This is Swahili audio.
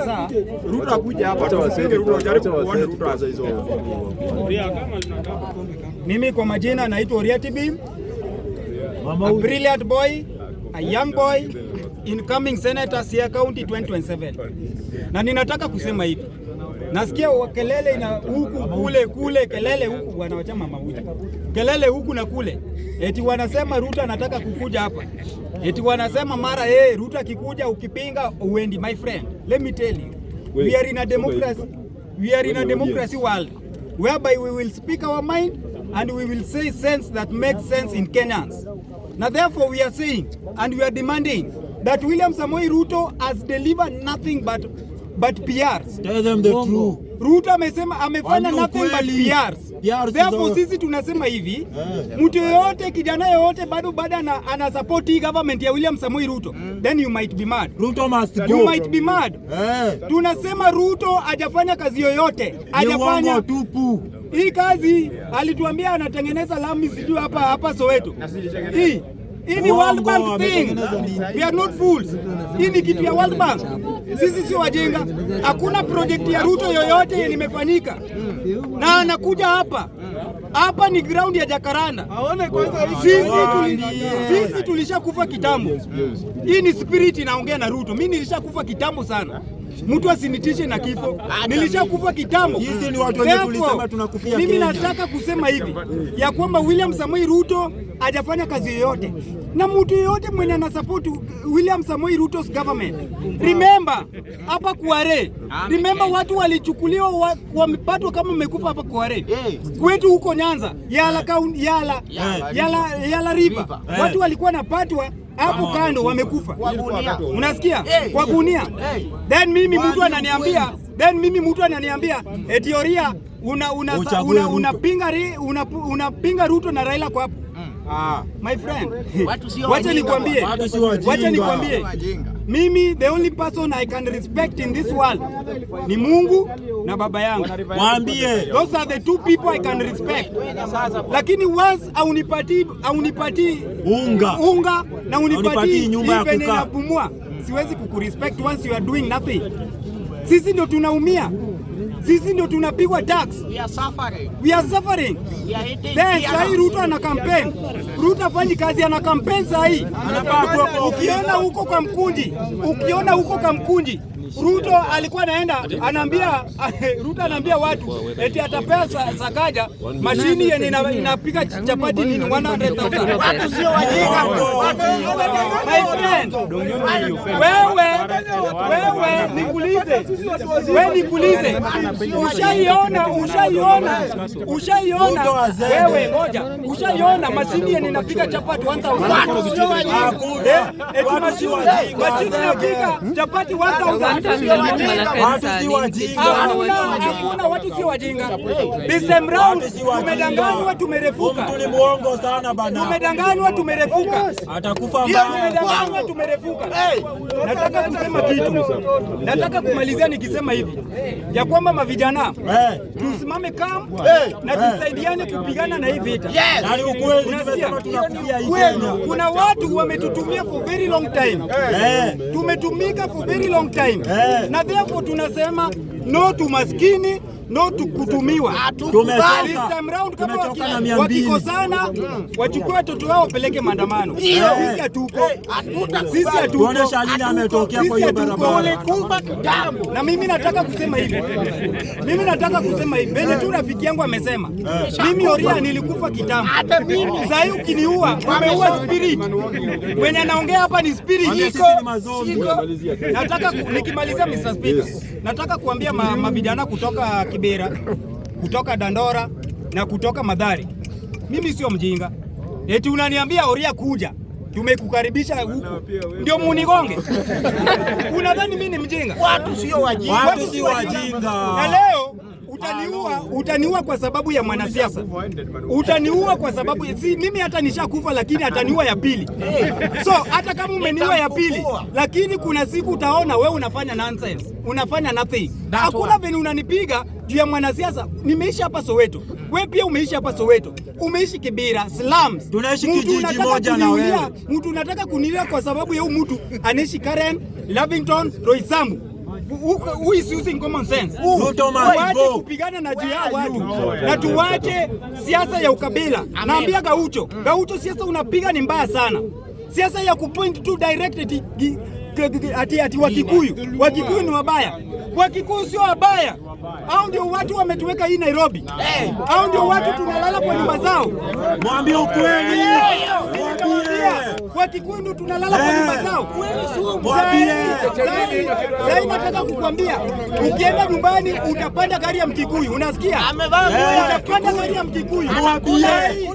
Sawa, Ruto akuja hapa Ruto, kuona Ruto hizo. Mimi kwa majina naitwa Oriati Bim, a brilliant boy, a young boy, incoming senator Siaya County 2027, na ninataka kusema hivi Nasikia kelele na huku kule kule, kelele huku bwana wa chama mauja, kelele huku na kule, eti wanasema Ruto anataka kukuja hapa, eti wanasema mara yeye eh, Ruto akikuja ukipinga uendi. My friend let me tell you we are in a democracy, we are in a democracy world whereby we will speak our mind and we will say sense that makes sense in Kenyans. Now therefore we are saying and we are demanding that William Samoei Ruto has delivered nothing but but PRs. Tell them the Bongo. truth. Ruto amesema amefanya nothing but PRs. PRs Therefore sisi tunasema hivi eh, yeah. Mtu yoyote kijana yoyote bado bado ana, ana support hii government ya William Samoei Ruto mm. Then you might be mad. Ruto must go. You might be mad. Yeah. Tunasema Ruto hajafanya kazi yoyote, hajafanya tupu hii kazi. Alituambia anatengeneza lami sijui hapa hapa Soweto hii hii ni World Bank thing. We are not fools. Hii ni kitu ya World Bank. Sisi sio wajenga. Hakuna project ya Ruto yoyote yenye imefanyika, na anakuja hapa hapa ni ground ya kwanza Sisi, tuli, sisi tulishakufa kitambo. Hii ni spirit inaongea na Ruto. Mimi nilishakufa kitambo sana mtu asinitishe na kifo, nilishakufa kitambo. Sisi ni watu wenye kulisema tunakufia. Mimi nataka kusema hivi ya kwamba William Samoei Ruto hajafanya kazi yoyote, na mtu yoyote mwenye ana support William Samoei Ruto's government, remember hapa Kware, remember watu walichukuliwa wamepatwa kama mekufa hapa Kware kwetu huko Nyanza, Yala Yala Yala River, watu walikuwa napatwa hapo kando wamekufa, unasikia kwa gunia. Then mimi mtu ananiambia then mimi mtu ananiambia etioria eh, unapinga una, una, una unapinga Ruto na Raila kwa hapo. Mm. Ah, my friend, wacha nikwambie, wacha nikwambie, mimi the only person I can respect in this world ni Mungu na baba yangu, Mwambie, those are the two people I can respect, lakini once au nipatii au nipatii unga unga na unipatie nyumba ya kukaa napumua, siwezi kukurespect once you are doing nothing. Sisi ndio tunaumia, sisi ndio tunapigwa tax, we are suffering, we are suffering. Then sahii Ruto ana campaign, Ruto fanyi kazi, ana campaign sahii. Ukiona huko kwa mkundi, ukiona huko kwa mkunji Ruto alikuwa anaenda anaambia Ruto anaambia watu eti atapea Sakaja mashini yenye inapiga chapati nini 100,000. Watu sio wajinga. My friend, wewe wewe wewe nikuulize, ushaiona ushaiona ushaiona wewe, ngoja, ushaiona mashini ninapiga chapati 1000 eh, mashini napiga chapati 1000 hakuna watu si wajinga. This time round tumedanganywa, tumerefuka. Tulimwongo sana bana, tumedanganywa, tumerefuka, atakufa mbaya, tumedanganywa, tumerefuka. Nataka kusema kitu, nataka nimalizia nikisema hivi ya kwamba mavijana eh. tusimame kam eh. eh. na tusaidiane kupigana na hii vita. Yaani yaani Kuna watu wametutumia for very long time, tumetumika for very long time, na therefore tunasema no tu maskini no kutumiwa. Wakikosana wachukue watoto wao wapeleke maandamano. Sisi hatuko, sisi hatuko, ametokea na mimi nataka kusema hivi, mimi nataka kusema hivi mbele tu. Rafiki yangu amesema mimi Oria nilikufa kitambo, sahii ukiniua umeua spirit. Wenye anaongea hapa ni spirit. Nataka nikimaliza, Mr. Speaker, nataka kuambia mavijana kutoka Kibera, kutoka Dandora na kutoka Madhari. Mimi sio mjinga. Eti unaniambia Oria kuja, tumekukaribisha huku ndio munigonge? Unadhani mimi ni mjinga? Watu sio wajinga, watu sio wajinga. Na leo Utaniua, utaniua kwa sababu ya mwanasiasa, utaniua kwa sababu si mimi, hata nishakufa, lakini ataniua ya pili. So hata kama umeniua ya pili, lakini kuna siku utaona wewe unafanya nonsense, unafanya nothing. Hakuna venye unanipiga juu ya mwanasiasa. Nimeishi hapa Soweto, wewe pia umeishi hapa Soweto, umeishi Kibira, slums, tunaishi kijiji moja na wewe. Mtu unataka kunilia kwa sababu ya huyu mtu anaishi Karen, Lavington, Roysambu who is using common sense. Tuache kupigana na juu watu na tuwache siasa ya ukabila. Naambia Gaucho, Gaucho, siasa unapiga ni mbaya sana, siasa ya kupoint tu directed ati ati Wakikuyu, Wakikuyu ni wabaya. Wakikuyu sio wabaya, au ndio watu wametuweka hii Nairobi, au ndio watu tunalala kwa nyumba zao. Mwambie ukweli kwa Kikundu tunalala kwa nyumba zao. Sai nataka kukwambia, ukienda nyumbani utapanda gari ya Mkikuyu, unasikia? Utapanda gari ya Mkikuyu.